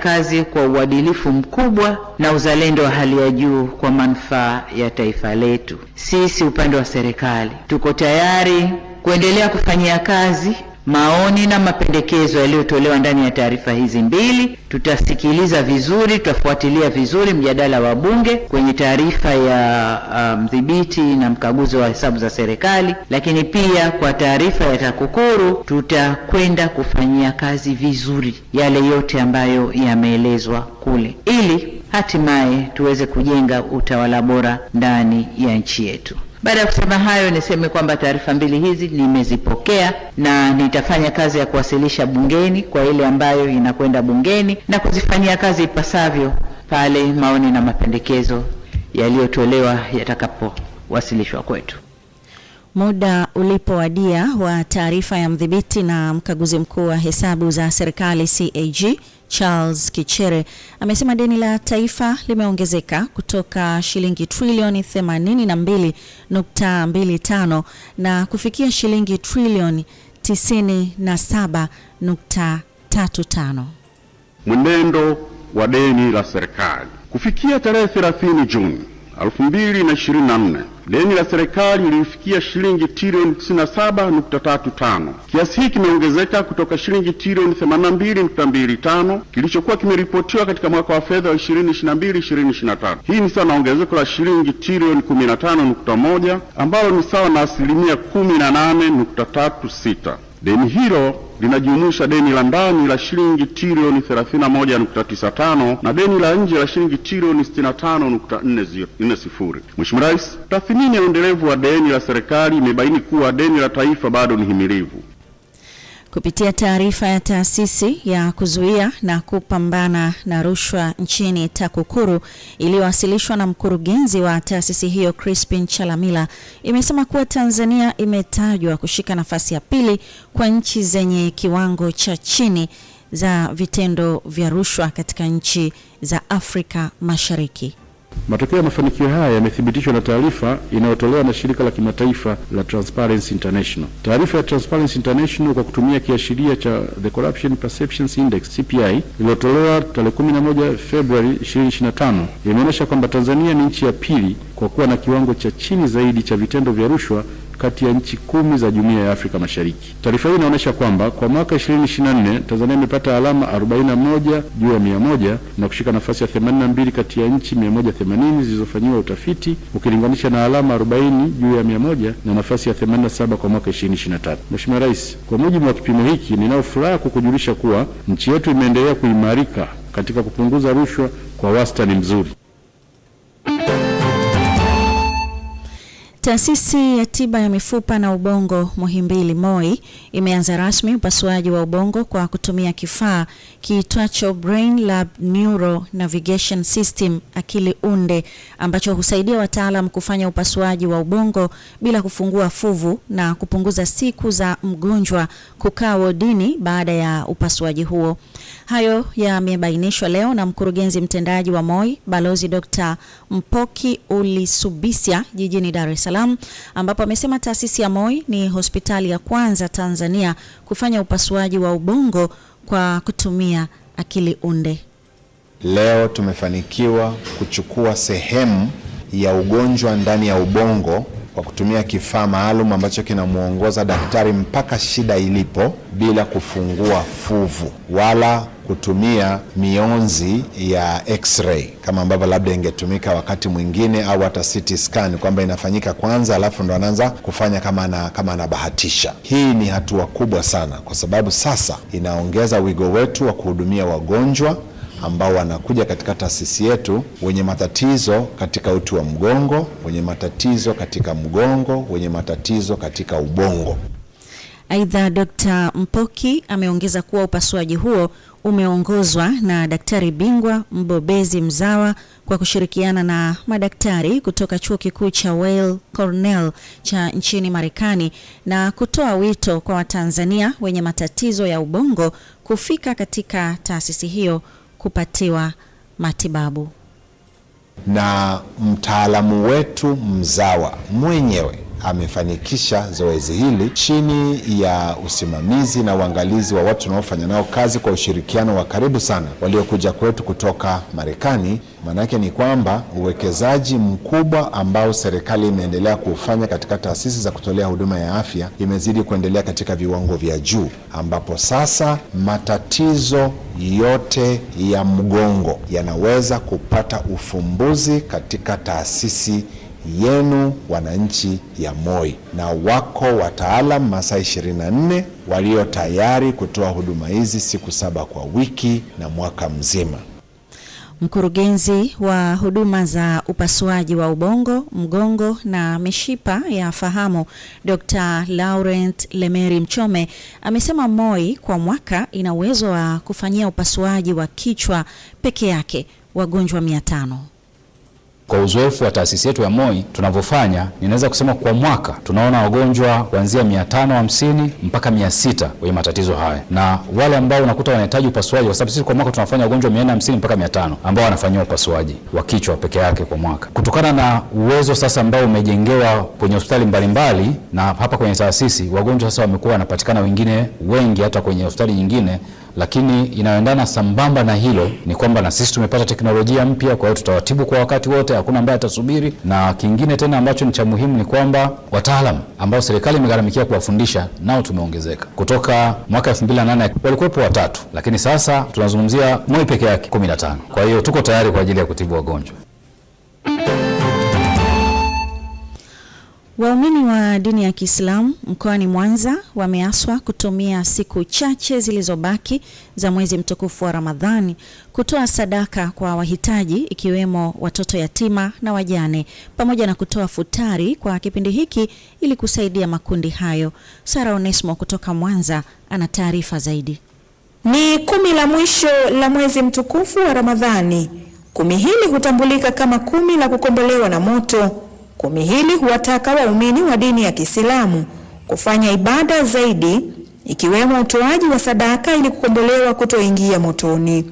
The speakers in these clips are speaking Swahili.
kazi kwa uadilifu mkubwa na uzalendo wa hali ya juu kwa manufaa ya taifa letu. Sisi upande wa serikali tuko tayari kuendelea kufanyia kazi maoni na mapendekezo yaliyotolewa ndani ya taarifa hizi mbili. Tutasikiliza vizuri, tutafuatilia vizuri mjadala wa Bunge kwenye taarifa ya uh, mdhibiti um, na mkaguzi wa hesabu za serikali, lakini pia kwa taarifa ya TAKUKURU tutakwenda kufanyia kazi vizuri yale yote ambayo yameelezwa kule ili hatimaye tuweze kujenga utawala bora ndani ya nchi yetu. Baada ya kusema hayo, niseme kwamba taarifa mbili hizi nimezipokea na nitafanya kazi ya kuwasilisha bungeni kwa ile ambayo inakwenda bungeni na kuzifanyia kazi ipasavyo pale maoni na mapendekezo yaliyotolewa yatakapowasilishwa kwetu. Muda ulipowadia wa taarifa ya mdhibiti na mkaguzi mkuu wa hesabu za serikali CAG Charles Kichere amesema deni la taifa limeongezeka kutoka shilingi trilioni 82.25 na kufikia shilingi trilioni 97.35. Mwenendo wa deni la serikali kufikia tarehe 30 Juni 2024 deni la serikali lilifikia shilingi trilioni 97.35. Kiasi hiki kimeongezeka kutoka shilingi trilioni 82.25 kilichokuwa kimeripotiwa katika mwaka wa fedha wa 2022/2023. Hii ni sawa na ongezeko la shilingi trilioni 15.1 ambalo ni sawa na asilimia 18.36. Deni hilo linajumuisha deni la ndani la shilingi trilioni 31.95 na deni la nje la shilingi trilioni 65.40. Mheshimiwa Rais, tathmini ya uendelevu wa deni la serikali imebaini kuwa deni la taifa bado ni himilivu. Kupitia taarifa ya taasisi ya kuzuia na kupambana na rushwa nchini TAKUKURU iliyowasilishwa na mkurugenzi wa taasisi hiyo Crispin Chalamila, imesema kuwa Tanzania imetajwa kushika nafasi ya pili kwa nchi zenye kiwango cha chini za vitendo vya rushwa katika nchi za Afrika Mashariki. Matokeo ya mafanikio haya yamethibitishwa na taarifa inayotolewa na shirika la kimataifa la Transparency International. Taarifa ya Transparency International kwa kutumia kiashiria cha The Corruption Perceptions Index CPI iliyotolewa tarehe 11 Februari 2025 imeonyesha kwamba Tanzania ni nchi ya pili kwa kuwa na kiwango cha chini zaidi cha vitendo vya rushwa kati ya nchi kumi za Jumuiya ya Afrika Mashariki. Taarifa hii inaonyesha kwamba kwa mwaka 2024 Tanzania imepata alama 41 juu ya 100 na kushika nafasi ya 82 kati ya nchi 180 zilizofanyiwa utafiti ukilinganisha na alama 40 juu ya 100 na nafasi ya 87 kwa mwaka 2023. Mheshimiwa Rais, kwa mujibu wa kipimo hiki, ninao furaha kukujulisha kuwa nchi yetu imeendelea kuimarika katika kupunguza rushwa kwa wastani mzuri. Taasisi ya tiba ya mifupa na ubongo Muhimbili MOI imeanza rasmi upasuaji wa ubongo kwa kutumia kifaa kiitwacho Brain Lab Neuro Navigation System akili unde ambacho husaidia wataalam kufanya upasuaji wa ubongo bila kufungua fuvu na kupunguza siku za mgonjwa kukaa wodini baada ya upasuaji huo. Hayo yamebainishwa leo na mkurugenzi mtendaji wa MOI Balozi Dr. Mpoki Ulisubisya jijini Dar es Salaam Salaam ambapo amesema taasisi ya MOI ni hospitali ya kwanza Tanzania kufanya upasuaji wa ubongo kwa kutumia akili unde. Leo tumefanikiwa kuchukua sehemu ya ugonjwa ndani ya ubongo kwa kutumia kifaa maalum ambacho kinamwongoza daktari mpaka shida ilipo bila kufungua fuvu wala kutumia mionzi ya x-ray kama ambavyo labda ingetumika wakati mwingine au hata CT scan kwamba inafanyika kwanza alafu ndo anaanza kufanya kama na, kama anabahatisha. Hii ni hatua kubwa sana, kwa sababu sasa inaongeza wigo wetu wa kuhudumia wagonjwa ambao wanakuja katika taasisi yetu, wenye matatizo katika uti wa mgongo, wenye matatizo katika mgongo, wenye matatizo katika ubongo. Aidha, Dkt. Mpoki ameongeza kuwa upasuaji huo umeongozwa na daktari bingwa mbobezi mzawa kwa kushirikiana na madaktari kutoka Chuo Kikuu cha Weill Cornell cha nchini Marekani na kutoa wito kwa Watanzania wenye matatizo ya ubongo kufika katika taasisi hiyo kupatiwa matibabu. Na mtaalamu wetu mzawa mwenyewe amefanikisha zoezi hili chini ya usimamizi na uangalizi wa watu wanaofanya nao kazi kwa ushirikiano wa karibu sana waliokuja kwetu kutoka Marekani. Maanake ni kwamba uwekezaji mkubwa ambao serikali imeendelea kuufanya katika taasisi za kutolea huduma ya afya imezidi kuendelea katika viwango vya juu, ambapo sasa matatizo yote ya mgongo yanaweza kupata ufumbuzi katika taasisi yenu wananchi ya Moi, na wako wataalam masaa 24 walio tayari kutoa huduma hizi siku saba kwa wiki na mwaka mzima. Mkurugenzi wa huduma za upasuaji wa ubongo, mgongo na mishipa ya fahamu, Dr. Laurent Lemeri Mchome amesema Moi kwa mwaka ina uwezo wa kufanyia upasuaji wa kichwa peke yake wagonjwa tano kwa uzoefu wa taasisi yetu ya MOI tunavyofanya, ninaweza kusema kwa mwaka tunaona wagonjwa kuanzia 550 mpaka 600 wenye matatizo haya, na wale ambao unakuta wanahitaji upasuaji, kwa sababu sisi kwa mwaka tunafanya wagonjwa 450 mpaka 500 ambao wanafanyiwa upasuaji wa kichwa peke yake kwa mwaka, kutokana na uwezo sasa ambao umejengewa kwenye hospitali mbalimbali na hapa kwenye taasisi. Wagonjwa sasa wamekuwa wanapatikana wengine wengi hata kwenye hospitali nyingine lakini inayoendana sambamba na hilo ni kwamba na sisi tumepata teknolojia mpya, kwa hiyo tutawatibu kwa wakati wote, hakuna ambaye atasubiri. Na kingine tena ambacho ni cha muhimu ni kwamba wataalam ambao serikali imegharamikia kuwafundisha nao tumeongezeka kutoka mwaka 2008 walikuwepo watatu, lakini sasa tunazungumzia Moi peke yake na tano Kwa hiyo tuko tayari kwa ajili ya kutibu wagonjwa. Waumini wa dini ya Kiislamu mkoani Mwanza wameaswa kutumia siku chache zilizobaki za mwezi mtukufu wa Ramadhani kutoa sadaka kwa wahitaji ikiwemo watoto yatima na wajane pamoja na kutoa futari kwa kipindi hiki ili kusaidia makundi hayo. Sara Onesmo kutoka Mwanza ana taarifa zaidi. Ni kumi la mwisho la mwezi mtukufu wa Ramadhani. Kumi hili hutambulika kama kumi la kukombolewa na moto Kumi hili huwataka waumini wa dini ya Kiislamu kufanya ibada zaidi ikiwemo utoaji wa sadaka ili kukombolewa kutoingia motoni.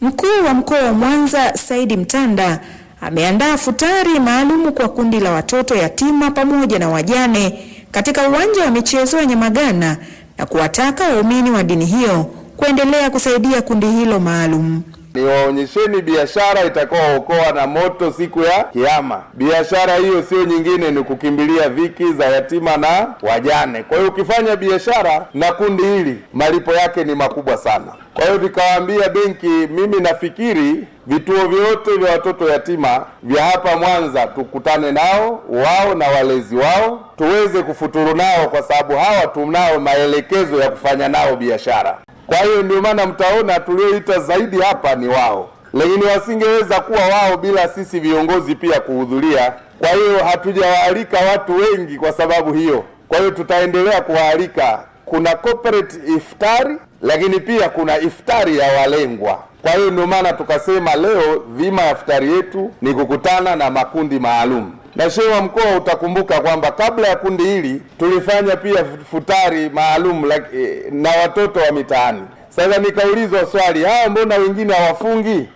Mkuu wa mkoa wa Mwanza Saidi Mtanda ameandaa futari maalumu kwa kundi la watoto yatima pamoja na wajane katika uwanja wa michezo wa Nyamagana na kuwataka waumini wa dini hiyo kuendelea kusaidia kundi hilo maalum niwaonyesheni biashara itakaookoa na moto siku ya Kiama. Biashara hiyo sio nyingine, ni kukimbilia dhiki za yatima na wajane. Kwa hiyo ukifanya biashara na kundi hili, malipo yake ni makubwa sana. Kwa hiyo nikawaambia benki, mimi nafikiri vituo vyote vya watoto yatima vya hapa Mwanza tukutane nao wao na walezi wao tuweze kufuturu nao, kwa sababu hawa tunao maelekezo ya kufanya nao biashara. Kwa hiyo ndio maana mtaona tulioita zaidi hapa ni wao, lakini wasingeweza kuwa wao bila sisi viongozi pia kuhudhuria. Kwa hiyo hatujawaalika watu wengi kwa sababu hiyo. Kwa hiyo tutaendelea kuwaalika. Kuna corporate iftari, lakini pia kuna iftari ya walengwa. Kwa hiyo ndio maana tukasema leo dhima ya iftari yetu ni kukutana na makundi maalum na shehe wa mkoa utakumbuka kwamba kabla ya kundi hili tulifanya pia futari maalum like, eh, na watoto wa mitaani. Sasa nikaulizwa swali, hawa mbona wengine hawafungi?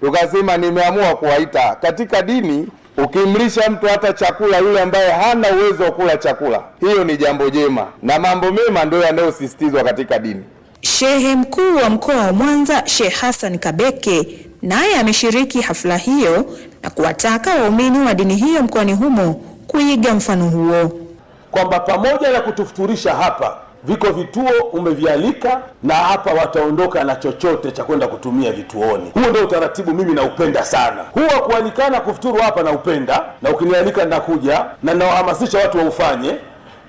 Tukasema nimeamua kuwaita katika dini. Ukimlisha mtu hata chakula, yule ambaye hana uwezo wa kula chakula, hiyo ni jambo jema na mambo mema ndio yanayosisitizwa katika dini. Shehe mkuu wa mkoa wa Mwanza Sheikh Hassan Kabeke naye ameshiriki hafla hiyo na kuwataka waumini wa dini hiyo mkoani humo kuiga mfano huo, kwamba pamoja na kutufuturisha hapa, viko vituo umevialika, na hapa wataondoka na chochote cha kwenda kutumia vituoni. Huo ndio utaratibu, mimi naupenda sana huwa kualikana, kufuturu hapa naupenda, na ukinialika ninakuja na nawahamasisha watu waufanye,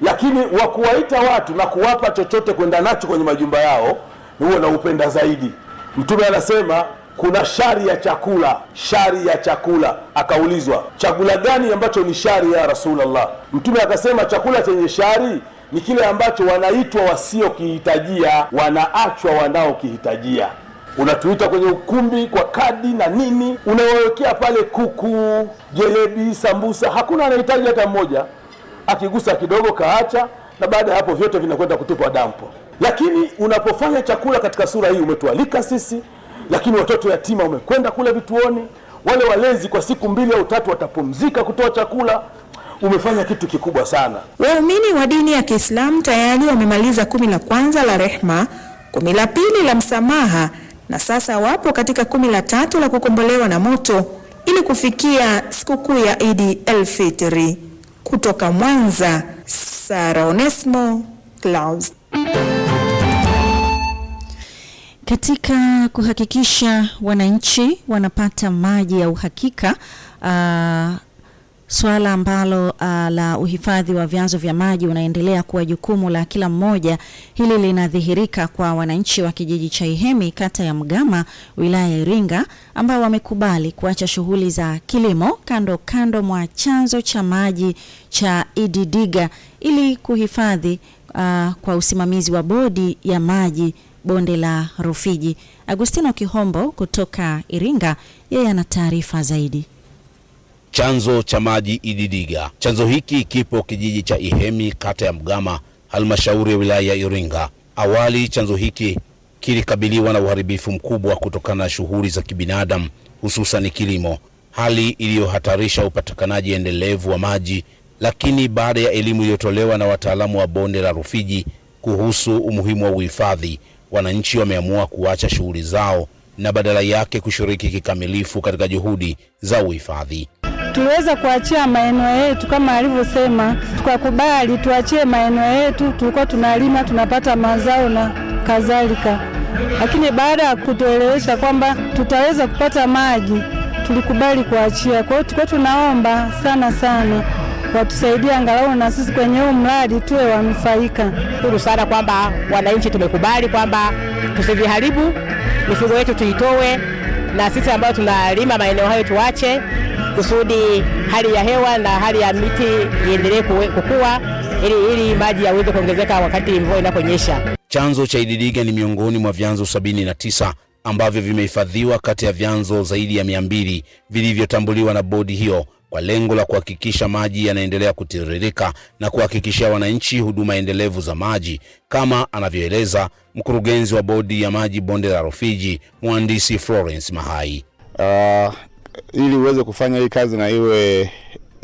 lakini wa kuwaita watu na kuwapa chochote kwenda nacho kwenye majumba yao, huo naupenda zaidi. Mtume anasema kuna shari ya chakula, shari ya chakula. Akaulizwa, chakula gani ambacho ni shari ya rasulllah Mtume akasema, chakula chenye shari ni kile ambacho wanaitwa wasiokihitajia, wanaachwa wanaokihitajia. Unatuita kwenye ukumbi kwa kadi na nini, unawawekea pale kuku, jelebi, sambusa, hakuna anahitaji hata mmoja, akigusa kidogo kaacha, na baada ya hapo vyote vinakwenda kutupwa dampo. Lakini unapofanya chakula katika sura hii, umetualika sisi lakini watoto yatima wamekwenda kule vituoni. Wale walezi kwa siku mbili au tatu watapumzika kutoa chakula. Umefanya kitu kikubwa sana. Waumini wa dini ya Kiislamu tayari wamemaliza kumi la kwanza la rehma, kumi la pili la msamaha na sasa wapo katika kumi la tatu la kukombolewa na moto ili kufikia sikukuu ya Idi Elfitri. Kutoka Mwanza, Sara Onesmo Clouds. Katika kuhakikisha wananchi wanapata maji ya uhakika uh, ah, suala ambalo uh, la uhifadhi wa vyanzo vya maji unaendelea kuwa jukumu la kila mmoja. Hili linadhihirika kwa wananchi wa kijiji cha Ihemi kata ya Mgama wilaya ya Iringa ambao wamekubali kuacha shughuli za kilimo kando kando mwa chanzo cha maji cha Ididiga ili kuhifadhi uh, kwa usimamizi wa bodi ya maji bonde la Rufiji. Agustino Kihombo kutoka Iringa, yeye ana taarifa zaidi. Chanzo cha maji Ididiga. Chanzo hiki kipo kijiji cha Ihemi, kata ya Mgama, halmashauri ya wilaya ya Iringa. Awali chanzo hiki kilikabiliwa na uharibifu mkubwa kutokana na shughuli za kibinadamu, hususan kilimo, hali iliyohatarisha upatikanaji endelevu wa maji. Lakini baada ya elimu iliyotolewa na wataalamu wa bonde la Rufiji kuhusu umuhimu wa uhifadhi wananchi wameamua kuacha shughuli zao na badala yake kushiriki kikamilifu katika juhudi za uhifadhi. Tuliweza kuachia maeneo yetu kama alivyosema, tukakubali tuachie maeneo yetu, tulikuwa tunalima tunapata mazao na kadhalika, lakini baada ya kutuelewesha kwamba tutaweza kupata maji, tulikubali kuachia. Kwa hiyo tulikuwa tunaomba sana sana watusaidie angalau na sisi kwenye huu mradi tuwe wanufaika. Shukuru sana kwamba wananchi tumekubali kwamba tusiviharibu mifugo yetu, tuitoe na sisi ambao tunalima maeneo hayo tuache, kusudi hali ya hewa na hali ya miti iendelee kukua ili, ili maji yaweze kuongezeka wakati mvua inaponyesha. Chanzo cha Ididiga ni miongoni mwa vyanzo sabini na tisa ambavyo vimehifadhiwa kati ya vyanzo zaidi ya 200 vilivyotambuliwa na bodi hiyo kwa lengo la kuhakikisha maji yanaendelea kutiririka na kuhakikishia wananchi huduma endelevu za maji, kama anavyoeleza mkurugenzi wa bodi ya maji bonde la Rufiji, mhandisi Florence Mahai. Uh, ili uweze kufanya hii kazi na iwe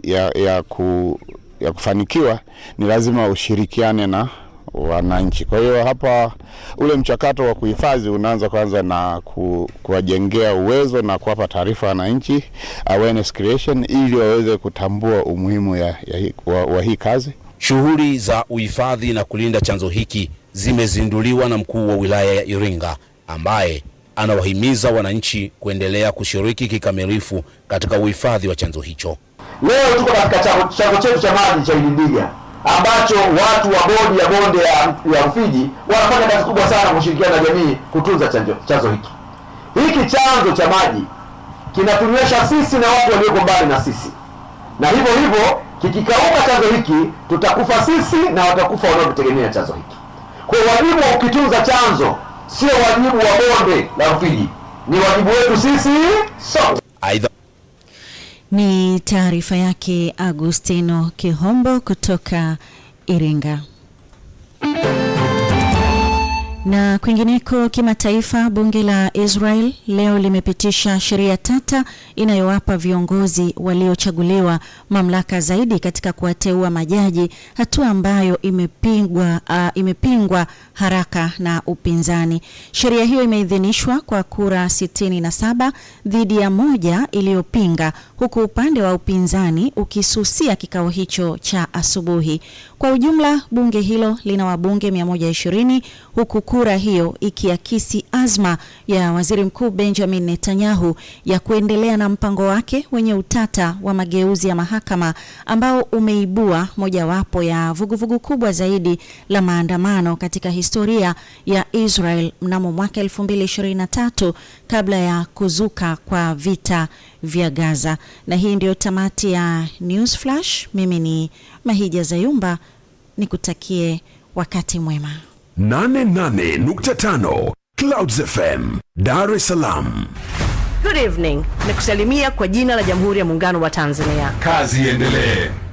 ya, ya, ku, ya kufanikiwa ni lazima ushirikiane na wananchi. Kwa hiyo hapa ule mchakato wa kuhifadhi unaanza kwanza na ku, kuwajengea uwezo na kuwapa taarifa wananchi, awareness creation, ili waweze kutambua umuhimu ya, ya wa, wa hii kazi. Shughuli za uhifadhi na kulinda chanzo hiki zimezinduliwa na mkuu wa wilaya ya Iringa ambaye anawahimiza wananchi kuendelea kushiriki kikamilifu katika uhifadhi wa chanzo hicho. Leo tuko katika chanzo chetu cha maji cha Idimbiga ambacho watu wa bodi ya bonde ya, ya Rufiji wanafanya kazi kubwa sana kushirikiana na jamii kutunza chanzo, hiki hiki chanzo cha maji kinatunywesha sisi na watu walioko mbali na sisi, na hivyo hivyo kikikauka chanzo hiki tutakufa sisi na watakufa wanaotegemea chanzo hiki. Kwa wajibu wa kukitunza chanzo sio wajibu wa bonde la Rufiji, ni wajibu wetu sisi sote. Ni taarifa yake Agustino Kihombo kutoka Iringa. Na kwingineko kimataifa, bunge la Israel leo limepitisha sheria tata inayowapa viongozi waliochaguliwa mamlaka zaidi katika kuwateua majaji, hatua ambayo imepingwa, uh, imepingwa haraka na upinzani. Sheria hiyo imeidhinishwa kwa kura 67 dhidi ya moja iliyopinga, huku upande wa upinzani ukisusia kikao hicho cha asubuhi. Kwa ujumla bunge hilo lina wabunge 120 huku kura hiyo ikiakisi azma ya Waziri Mkuu Benjamin Netanyahu ya kuendelea na mpango wake wenye utata wa mageuzi ya mahakama ambao umeibua mojawapo ya vuguvugu vugu kubwa zaidi la maandamano katika historia ya Israel mnamo mwaka 2023 kabla ya kuzuka kwa vita vya Gaza. Na hii ndiyo tamati ya News Flash. Mimi ni Mahija Zayumba, nikutakie wakati mwema. 88.5 Clouds FM Dar es Salaam. Good evening. Nikusalimia kwa jina la Jamhuri ya Muungano wa Tanzania. Kazi iendelee.